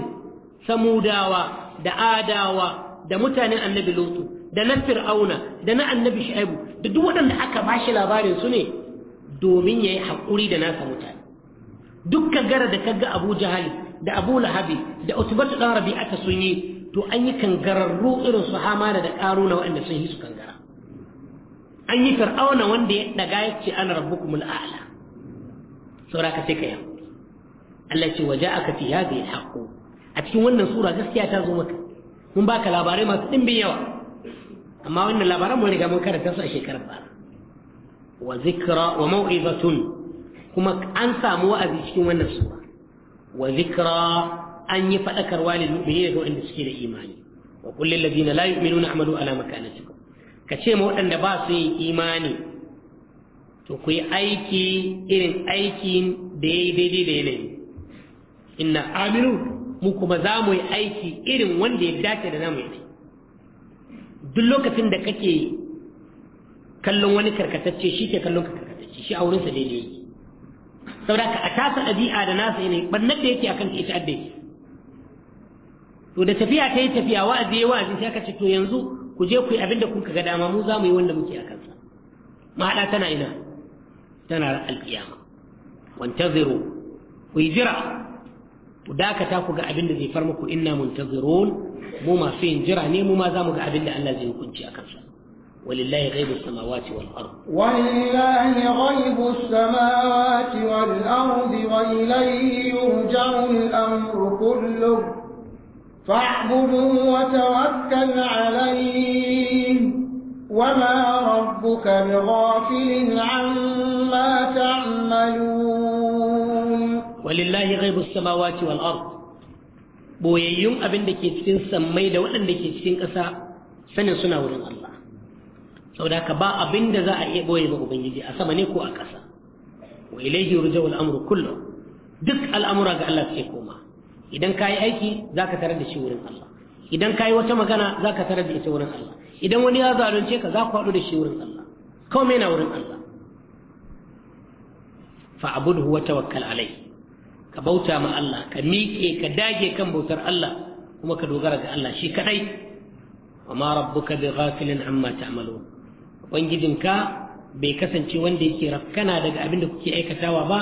Speaker 1: samudawa da adawa da mutanen annabi lotu da na fir'auna da na annabi shu'aibu da duk waɗanda aka ba shi labarin su ne domin ya yi haƙuri da nasa mutane ka gara da kaga abu jahali da abu lahabi da utubatu ɗan rabi'ata sun yi to an yi kangararru irin su hamana da na waɗanda sun yi su kangara an yi fir'auna wanda ya daga ya ce ana kuma a'la saura ka sai ka yau Allah ce waje aka fi ya zai haƙo a cikin wannan sura gaskiya ta zo maka mun ka labarai masu ɗimbin yawa amma wannan labaran mun riga mun karanta su a shekarar ba. wa zikra wa mau'izatun kuma an samu wa'azi cikin wannan sura wa zikra an yi wa lil mu'minina da wanda suke da imani wa qul lil ladina la yu'minuna amalu ala makanatikum ka ce ma waɗanda ba su yin imani to ku yi aiki irin aikin da yayi daidai da yanayi inna aminu mu kuma za mu yi aiki irin wanda ya dace da namu yi duk lokacin da kake kallon wani karkatacce shi ke kallon karkatacce shi a wurinsa daidai yake saboda ka a tasa ɗabi'a da nasa yanayi ɓannar da yake akan ita adda yake to da tafiya ta yi tafiya wa'azi ya wa'azi sai aka ce to yanzu ku je ku yi abin da kuka ga dama mu za mu yi wanda muke a kansa mahaɗa tana ina tana alƙiyama wantaziru ku yi jira ku dakata ku ga abin da zai far muku inna muntazirun mu masu yin jira ne mu ma za mu ga abin da Allah zai hukunci a kansa ولله غيب السماوات والأرض
Speaker 2: ولله غيب السماوات والأرض وإليه يرجع الأمر كله فاعبدوا وتوكل عليه وما ربك بغافل عما تعملون
Speaker 1: ولله غيب السماوات والأرض بويوم أبن دكي تكين سميدة وأن دكي تكين قصة سنة سنة ورن الله سودا كبا أبن دزا أي بويهم أبن جدي أسمانيكو أكسا وإليه يرجو الأمر كله دك الأمر أغلق سيكوما idan ka yi aiki za ka tarar da shi wurin Allah idan ka yi wata magana za ka tarar da ita wurin Allah idan wani ya zalunce ka za ku haɗu da shi wurin Allah kawai mai na wurin Allah fa'abudhu huwa tawakkal alai ka bauta ma Allah ka miƙe ka dage kan bautar Allah kuma ka dogara ga Allah shi kaɗai wa ma rabbuka bi ghafilin amma ta'malun ubangijinka bai kasance wanda yake rafkana daga abin da kuke aikatawa ba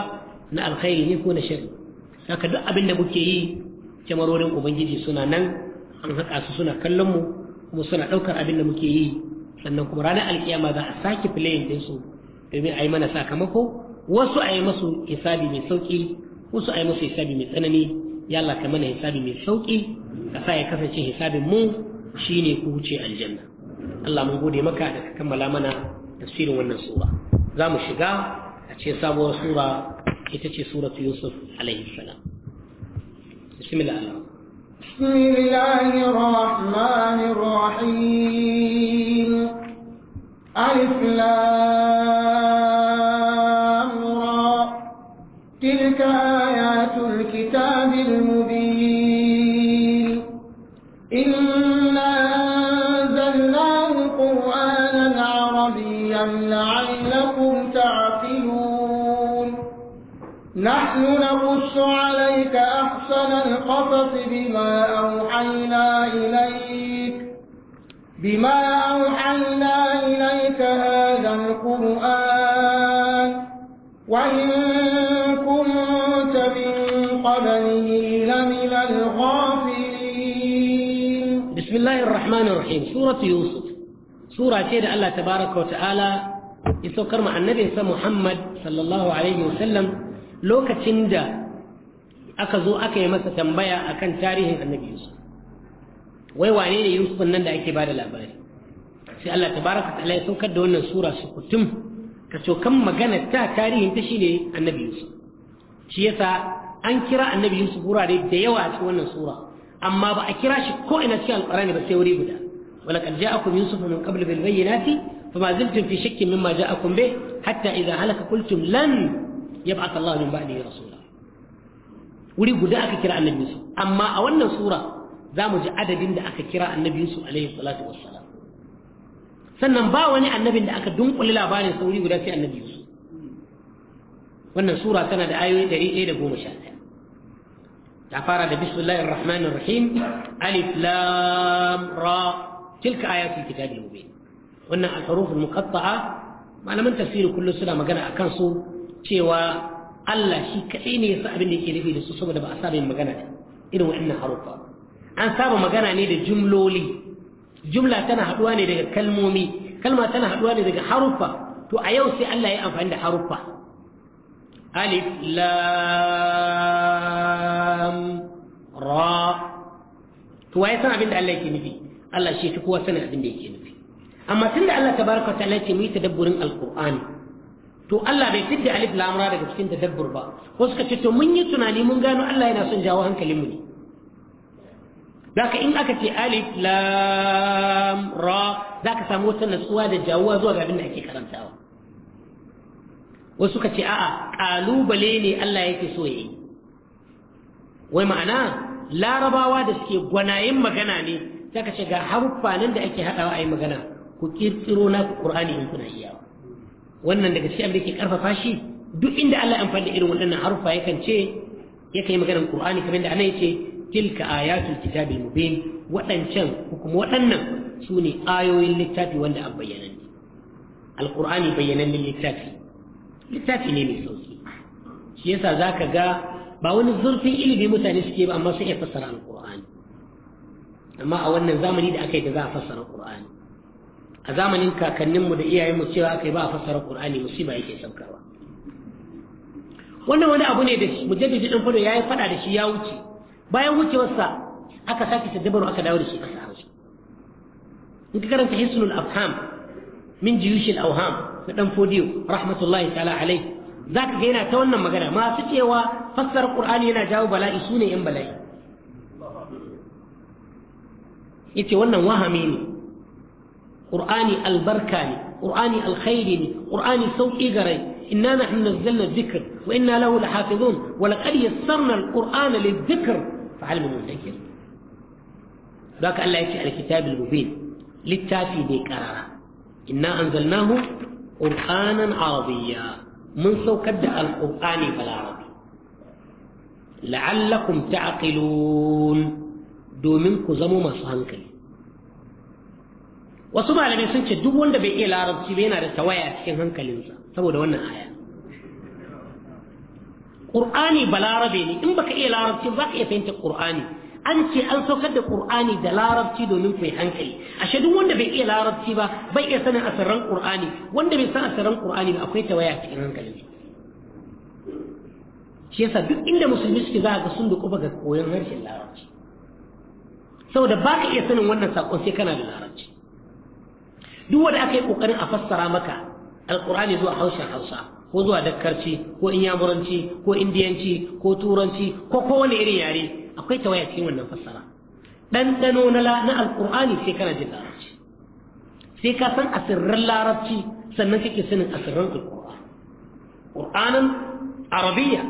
Speaker 1: na alkhairi ne ko na shari'a saka duk abin da muke yi kyamarorin ubangiji suna nan an haƙa su suna kallon mu kuma suna ɗaukar abin da muke yi sannan kuma ranar alkiyama za a sake filayin ɗinsu domin a yi mana sakamako wasu a yi masu hisabi mai sauƙi wasu a yi masu hisabi mai tsanani ya Allah ka mana hisabi mai sauƙi ka sa ya kasance hisabin mu shine ku wuce aljanna Allah mun gode maka da ka kammala mana tafsirin wannan sura za mu shiga a ce sabuwar sura ita ce suratu yusuf alaihi salam bismillah
Speaker 2: بسم الله الرحمن الرحيم ألف لام را تلك بما أوحينا إليك بما أوحينا إليك هذا القرآن وإن كنت من قبله لمن الغافلين
Speaker 1: بسم الله الرحمن الرحيم سورة يوسف سورة سيد الله تبارك وتعالى يسوكر مع النبي محمد صلى الله عليه وسلم لوكة تندى aka zo aka yi masa tambaya akan tarihin annabi yusuf wai wane ne yusuf nan da ake bada labari sai Allah baraka ta ya saukar da wannan sura su kutum ka cokan magana ta tarihin ta shine annabi yusuf shi yasa an kira annabi yusuf wurare da yawa a cikin wannan sura amma ba a kira shi ko ina cikin alqur'ani ba sai wuri guda ولقد yusuf يوسف من قبل بالبينات فما زلتم في شك مما جاءكم به حتى إذا هلك قلتم لن يبعث الله ya بعده رسولا wuri guda aka kira annabinsu amma a wannan sura za mu ji adadin da aka kira annabi Yusuf alaihi salatu wassalam sannan ba wani annabin da aka dunkule labarin sa wuri guda sai annabi Yusuf wannan sura tana da ayoyi 111 ta fara da bismillahir rahmanir rahim alif lam ra tilka ayatul kitabil mubin wannan al-huruf al-muqatta'a malaman tafsiri kullu suna magana akan su cewa Allah shi kaɗai ne ya sa abin da yake nufi da su saboda ba a saba yin magana da irin waɗannan haruffa an saba magana ne da jumloli jumla tana haɗuwa ne daga kalmomi kalma tana haɗuwa ne daga haruffa to a yau sai Allah ya amfani da haruffa alif lam ra to waye san abin da Allah yake nufi Allah shi fi kowa sanin abin da yake nufi amma tunda Allah tabaraka wa ta'ala ce mu yi tadabburin alqur'ani to Allah bai fidda alif lamra daga cikin tadabbur ba wasu ka ce to mun yi tunani mun gano Allah yana son jawo hankalin mu ne zaka in aka ce alif lam ra zaka samu wata natsuwa da jawuwa zuwa ga abin da ake karantawa wasu ka ce a'a kalubale ne Allah yake so yayi wai ma'ana larabawa da suke gwanayen magana ne zaka ce ga haruffa nan da ake hadawa yi magana ku kirkiro na Qur'ani in kuna iyawa wannan daga cikin abin da ke karfafa shi duk inda Allah ya amfani da irin waɗannan harufa yakan ce yake yi maganar Qur'ani kamar da anan yace tilka ayatul kitabil mubin waɗancan ko kuma waɗannan su ne ayoyin littafi wanda an bayyana ne alqur'ani bayyanannen littafi littafi ne mai sauki shi yasa zaka ga ba wani zurfin ilimi mutane suke ba amma sun iya fassara alqur'ani amma a wannan zamani da aka yi da za a fassara qur'ani a zamanin kakanninmu da iyayenmu cewa aka yi ba a fassara qur'ani musiba yake saukarwa wannan wani abu ne da mujaddidi din fado yi faɗa da shi ya wuce bayan wucewarsa aka sake ta dabaru aka dawo da shi ƙasa Hausa in ka karanta hisnul afham min jiyushin auham na dan fodiyo rahmatullahi ta'ala alai zaka ga yana ta wannan magana masu cewa fassarar ƙur'ani yana jawo bala'i ne yan bala'i yace wannan wahami ne قرآني البركاني قرآني الخيري قرآني سوء إقري إنا نحن نزلنا الذكر وإنا له لحافظون ولقد يسرنا القرآن للذكر فعلم المنتكر ذاك الله يأتي على الكتاب المبين للتافي دي كرارة إنا أنزلناه قرآنا عربيا من سوء كدع القرآن بالعربي لعلكم تعقلون دومنكم زمو زموما سهنكلي wasu malamai sun ce duk wanda bai iya larabci bai yana da tawaya cikin hankalinsa saboda wannan aya qur'ani ba larabe ne in baka iya larabci ba ka iya fahimtar qur'ani an ce an saukar da qur'ani da larabci domin ku hankali ashe duk wanda bai iya larabci ba bai iya sanin asirran qur'ani wanda bai san asirran qur'ani ba akwai tawaya cikin hankalinsa shi yasa duk inda musulmi suke za ga sun duƙufa ga koyon harshen larabci saboda ba ka iya sanin wannan saƙon sai kana da larabci duk wanda aka yi ƙoƙarin a fassara maka alƙur'ani zuwa harshen hausa ko zuwa dakkarci ko inyamuranci ko indiyanci ko turanci ko kowane irin yare akwai tawaya cikin wannan fassara ɗanɗano na alƙur'ani sai kana jin larabci sai ka san asirrin larabci sannan kake sanin asirrin alqur'ani qur'anan arabiyya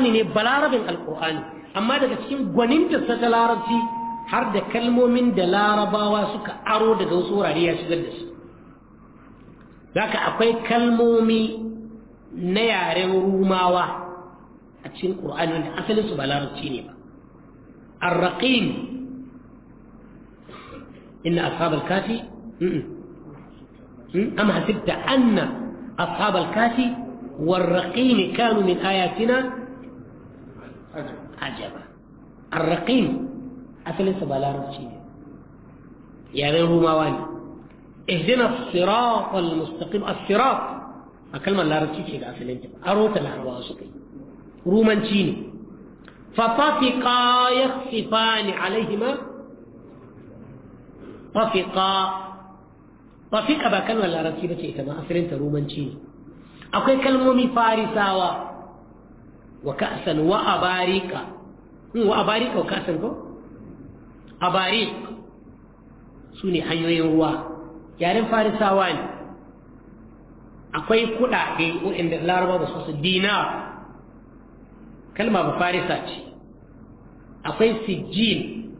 Speaker 1: ne balarabin alƙur'ani, amma daga cikin gwaninta ta larabci har da kalmomin da larabawa suka aro daga wasu wurare ya shigar da su zaka akwai kalmomi na yaren rumawa a cikin qur'ani wanda asalin su ba larabci ne ba arraƙim inna ashab al kafi am hasibta anna ashab al kafi warraqim kanu min ayatina ajaba arraqim asalinsa ba larabci ne yaren rumawa ne ihdina sirat al-mustaqim as-sirat a kalmar larabci ce ga asalinta ba aro ta larabawa suka yi rumanci ne fatafiqa yakhsifani alaihima tafiqa tafiqa ba kalmar larabci bace ita ba asalinta rumanci ne akwai kalmomi farisawa wa ka'san wa abarika wa abarika wa ka'san ko abari su ne hanyoyin ruwa yaren farisawa ne akwai kuɗaɗe waɗanda laraba ba su su dina kalma ba farisa ce akwai sijin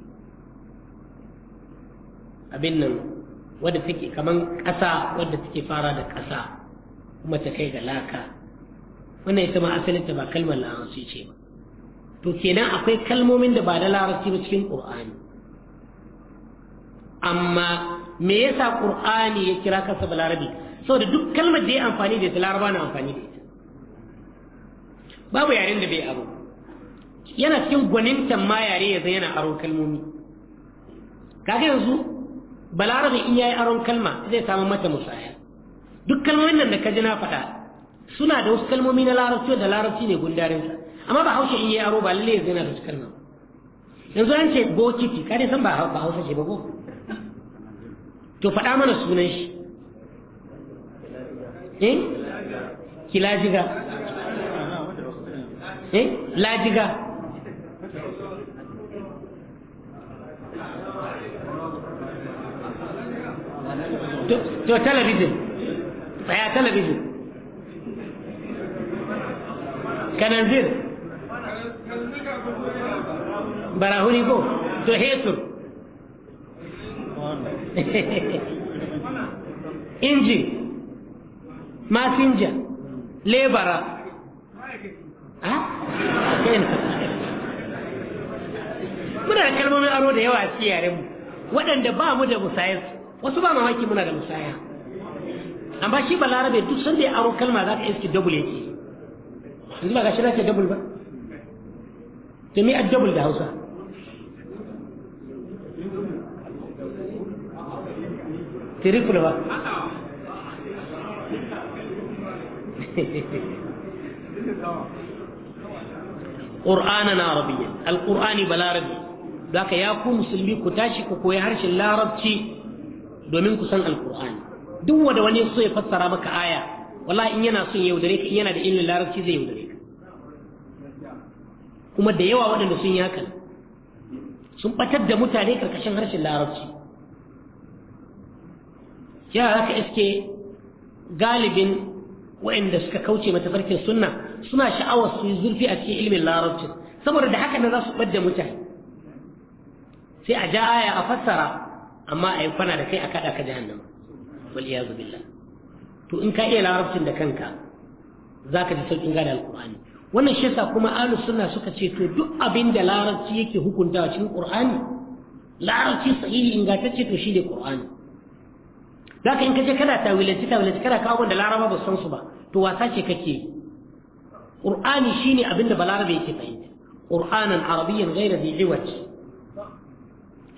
Speaker 1: abin nan wadda take kaman ƙasa wadda take fara da ƙasa kuma ta kai ga laka wannan ita ma asalinta ba kalmar larabci ce ba to kenan akwai kalmomin da ba da larabci ba cikin ƙur'ani amma me yasa qur'ani ya kira kansa balarabi saboda duk kalmar da ya amfani da ita laraba na amfani da ita babu yaren da bai aro yana cikin gwanintan ma yare ya yana aro kalmomi kaga yanzu balarabi in yayi aron kalma zai samu mata musaya duk kalmomin nan da ka ji na faɗa suna da wasu kalmomi na larabci da larabci ne sa amma ba hausa in yayi aro ba lalle ya yana da wasu kalma yanzu an ce bokiti kare san ba hausa ce ba bokiti to faɗa mana sunan shi
Speaker 3: eh kilajiga eh lajiga to talabijin tsaya talabijin kananzir barahuni ko to
Speaker 1: hesur inji masinja lebara
Speaker 3: muna da kalmomin aro da yawa
Speaker 1: a cikin yarenmu waɗanda ba mu da musayensu, wasu ba mamaki muna da musaya amma shi ba larabe duk sanda ya aro kalma za ka iski double yake yanzu ba ga shi za ka double ba to a double da hausa triple ba ƙur'anan arabiyyan alƙur'ani ba larabi za ka ya ku musulmi ku tashi ku koyi harshen larabci domin ku san alƙur'ani duk wanda wani so ya fassara maka aya wala in yana son yaudare ka yana da ilmin larabci zai yaudare ka kuma da yawa waɗanda sun yi hakan sun ɓatar da mutane ƙarƙashin harshen larabci yara ka iske galibin waɗanda suka kauce mata farkin sunna suna sha'awar su yi zurfi a cikin ilimin larabcin saboda da haka na za su ɓadda mutane sai a ja aya a fassara amma a yi kwana da kai a kaɗa ka jahannama wal iyazu billah to in ka iya larabcin da kanka za ka ji sauƙin gane alƙur'ani wannan shi yasa kuma ahlus sunna suka ce to duk abin da larabci yake hukuntawa cikin qur'ani larabci sahihi ingantacce to shine qur'ani zaka in kaje kana tawilanci tawilanci kana kawo da laraba ba san su ba to wasa ce kake qur'ani shine abinda balarabe yake fahimta qur'anan arabiyyan ghayra bi iwaj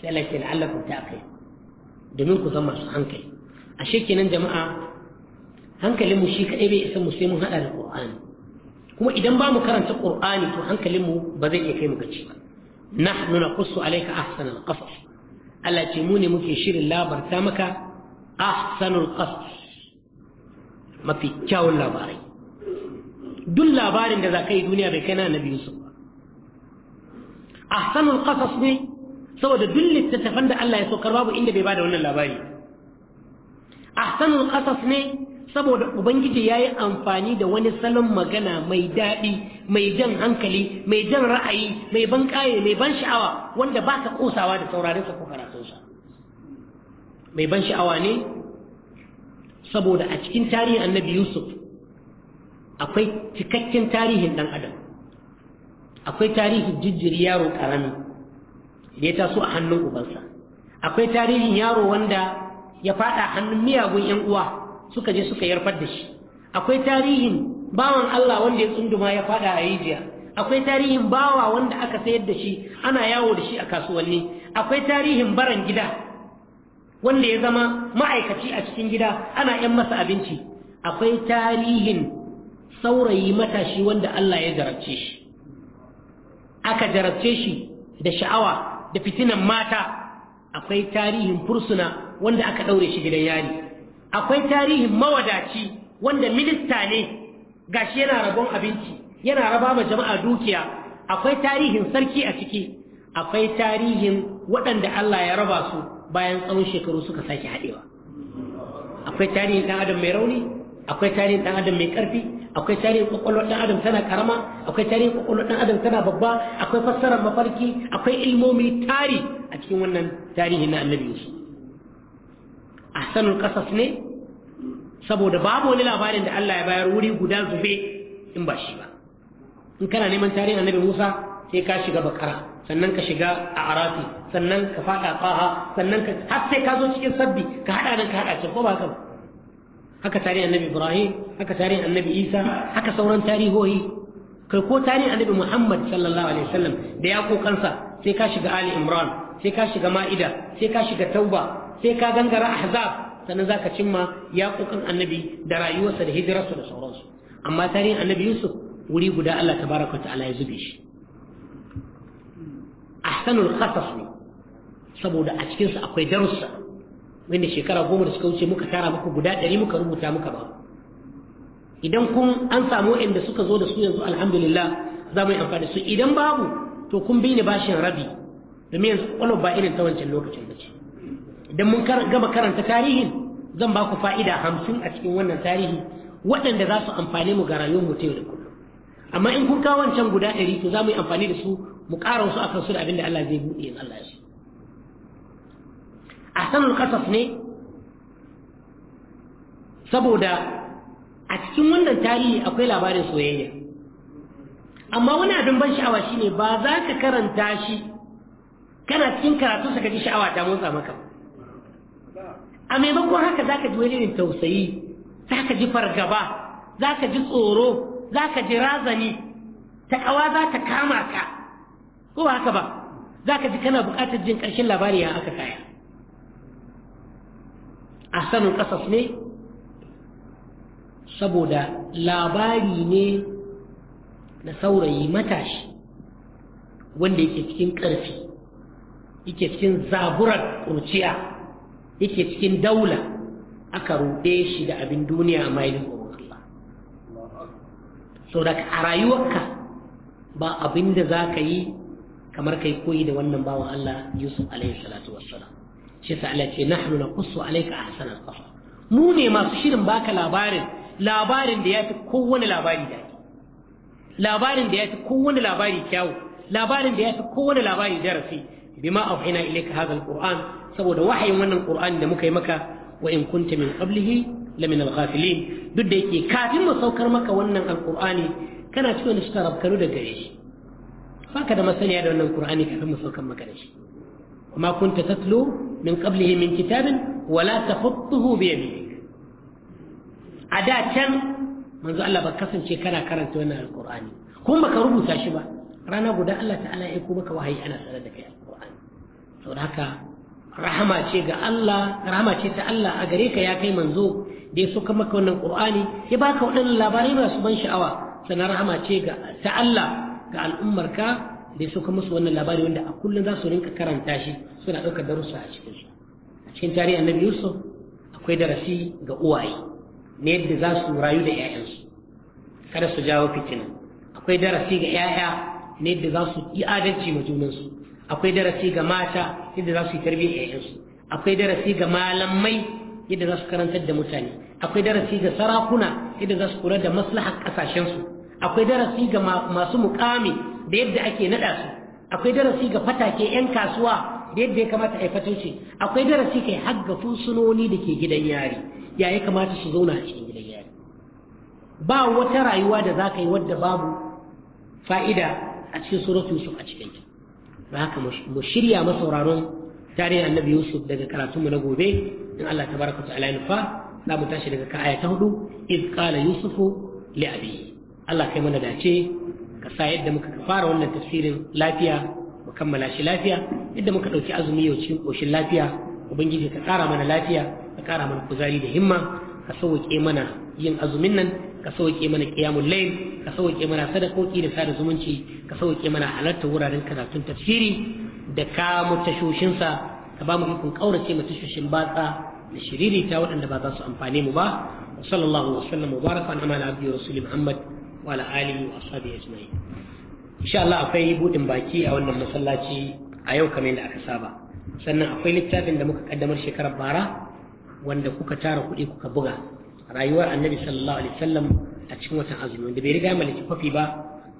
Speaker 1: sai lake la'allakum taqil domin ku zama su hankali ashe kenan jama'a hankalinmu shi kadai bai isa mu sai mun hada da qur'ani kuma idan ba mu karanta qur'ani to hankalinmu ba zai iya kai mu gaci ba nahnu naqussu alayka ahsana alqasas Allah ce mu ne muke shirin labarta maka ahsanul qasd mafi kyawun labari, duk labarin da za ka duniya bai kai na annabi ba ahsanul qasas ne saboda duk littattafan da Allah ya saukar babu inda bai bada wannan labari ahsanul qasas ne saboda ubangiji ya yi amfani da wani salon magana mai daɗi mai jan hankali mai jan ra'ayi mai ban kaye mai ban sha'awa wanda ba ka ƙosawa da saurarinsa ko karatunsa mai ban sha'awa ne saboda a cikin tarihin annabi yusuf akwai cikakken tarihin ɗan adam akwai tarihin jijjiri yaro karami da ya taso a hannun ubansa akwai tarihin yaro wanda ya faɗa hannun miyagun 'yan uwa suka je suka yarfar da shi akwai tarihin bawan allah wanda ya tsunduma ya faɗa a rijiya akwai tarihin bawa wanda aka sayar da shi ana yawo da shi a kasuwanni akwai tarihin baran gida wanda ya zama ma'aikaci a cikin gida ana ‘yan masa abinci akwai tarihin saurayi matashi wanda Allah ya jarabce shi aka jarabce shi da sha'awa da fitinan mata akwai tarihin fursuna wanda aka ɗaure shi gidan yari akwai tarihin mawadaci wanda minista ne gashi yana rabon abinci yana raba ma jama'a dukiya akwai tarihin sarki a ciki akwai tarihin waɗanda Allah ya raba su bayan tsawon shekaru suka sake haɗewa akwai tarihin ɗan adam mai rauni akwai tarihin ɗan adam mai ƙarfi akwai tarihin ƙwaƙwalwar ɗan adam tana ƙarama, akwai tarihin ƙwaƙwalwar ɗan adam tana babba akwai fassarar mafarki akwai ilmomi tari a cikin wannan tarihi na annabi yusuf sanin ƙasas ne saboda babu wani labarin da Allah ya bayar wuri guda zube in ba shi ba in kana neman tarihin annabi Musa sai ka shiga bakara sannan ka shiga a arafi sannan ka faɗa ƙaha sannan ka har sai ka zo cikin sabbi ka haɗa nan ka haɗa can ko ba haka ba haka tarihin annabi ibrahim haka tarihin annabi isa haka sauran tarihohi kai ko tarihin annabi muhammad sallallahu alaihi wasallam da ya kokansa sai ka shiga ali imran sai ka shiga ma'ida sai ka shiga tauba sai ka gangara ahzab sannan za ka cimma ya kokan annabi da rayuwarsa da hijirarsa da sauransu amma tarihin annabi yusuf wuri guda allah tabaraka ta'ala ya zube shi ahsanul qasas ne saboda a cikin su akwai darussa wanda shekara goma da suka wuce muka tara muku guda ɗari muka rubuta muka ba idan kun an samu inda suka zo da su yanzu alhamdulillah za mu yi amfani su idan babu to kun bi ni bashin rabi domin yanzu ƙwalar ba irin ta wancan lokacin da ce idan mun gama karanta tarihin zan ba ku fa'ida hamsin a cikin wannan tarihi waɗanda za su amfani mu ga rayuwar mu ta yau da kullum amma in kun kawo wancan guda ɗari to za mu yi amfani da su mu ƙara wasu akan su da abin da Allah zai buɗe in Allah ya so ahsanul qasas ne saboda a cikin wannan tarihi akwai labarin soyayya amma wani abin ban sha'awa shine ba za ka karanta shi kana cikin karatu saka ji sha'awa ta motsa maka a maimakon haka za ka ji wani irin tausayi za ka ji fargaba za ka ji tsoro za ka ji razani ta kawa za ta kama ka ko ba haka ba za ka ji kana buƙatar jin ƙarshen labari ya aka kaya a sanin ƙasas ne saboda labari ne na saurayi matashi wanda yake cikin ƙarfi yake cikin zaburar kurciya yake cikin daula aka ruɗe shi da abin duniya mailin saboda a rayuwarka ba abin da za ka yi kamar kai koyi da wannan bawan Allah Yusuf alaihi salatu wassalam shi yasa Allah ce nahnu naqussu alayka ahsana al mu ne masu shirin baka labarin labarin da yafi kowane labari da labarin da yafi kowane labari kyau labarin da yafi kowane labari darasi bima auhina ilayka hadha al-qur'an saboda wahayin wannan qur'ani da muka yi maka wa in kunta min qablihi lamin ghafilin duk da yake kafin mu saukar maka wannan alqur'ani kana cikin wani shika rabkanu da gare shi baka da masaniya da wannan qur'ani kafin mu saukar maka da shi ma kunta tatlu min qablihi min kitabin wala takhutuhu bi yaminik a da can manzo Allah ba kasance kana karanta wannan alqur'ani kuma baka rubuta shi ba rana guda Allah ta'ala ya ko maka wahayi ana sanar da kai alqur'ani saboda haka rahama ce ga Allah rahama ce ta Allah a gare ka ya kai manzo da ya sauka maka wannan ƙur'ani ya baka waɗannan labarai masu ban sha'awa sannan rahama ce ga ta Allah ga al'ummarka da ya sauka musu wannan labari wanda a kullum za su rinka karanta shi suna ɗaukar darussa a cikin su a cikin tarihi annabi Yusuf akwai darasi ga uwaye na yadda za su rayu da 'ya'yansu kada su jawo fitina akwai darasi ga 'ya'ya na yadda za su yi adalci ma junansu akwai darasi ga mata yadda za su yi tarbiyyar 'ya'yansu akwai darasi ga malamai yadda za su karantar da mutane akwai darasi ga sarakuna yadda za su kula da maslahar ƙasashensu akwai darasi ga masu mukami da yadda ake naɗa su akwai darasi ga fatake 'yan kasuwa da yadda ya kamata a yi fatauci akwai darasi kai har ga fursunoni da ke gidan yari ya ya kamata su zauna a cikin gidan yari ba wata rayuwa da za ka yi wadda babu fa'ida a cikin suratu yusuf a ta. ba haka mu shirya masauraron tarihin annabi yusuf daga karatunmu na gobe in allah ta baraka ta ala nufa za mu tashi daga ka'aya ta hudu iz qala yusufu li abi allah kai mana dace ka sa yadda muka fara wannan tafsirin lafiya mu kammala shi lafiya yadda muka dauki azumi yau cikin koshin lafiya ubangiji ka kara mana lafiya ka kara mana kuzari da himma ka sauke mana yin azumin nan ka sauke mana qiyamul layl ka sauke mana sadakoki da sada zumunci ka sauke mana halarta wuraren karatun tafsiri da kamo tashoshinsa ka ba mu ikon kaurace mu tashoshin batsa da shiririta waɗanda ba za su amfane mu ba wa sallallahu wa sallam wa an amala abdi rasuli muhammad wa ala alihi wa ashabihi ajma'in insha Allah akwai budin baki a wannan masallaci a yau kamar da aka saba sannan akwai littafin da muka kaddamar shekarar bara wanda kuka tara kuɗi kuka buga rayuwar annabi sallallahu alaihi wasallam a cikin watan azumi wanda bai riga mallaki kwafi ba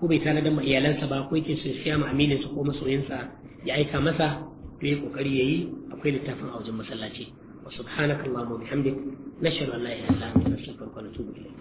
Speaker 1: ko bai tanadar ma iyalansa ba ko yake sun siya ma aminin ko masoyinsa ya aika masa to yi kokari yi akwai littafin a wajen masallaci wa subhanakallahu wa bihamdik nashhadu an la ilaha illa anta
Speaker 3: astaghfiruka wa atubu ilayk